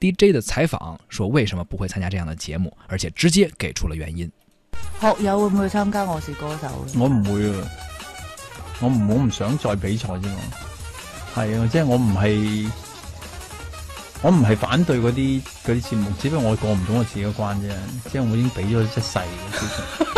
D J 的採訪說，為什麼不會參加這樣的節目，而且直接給出了原因。學友會唔會參加我是歌手？我唔會啊，我唔我唔想再比賽啫嘛。係啊，即係我唔係我唔係反對嗰啲嗰啲節目，只不過我過唔到我自己嘅關啫，即係我已經比咗一世。嘅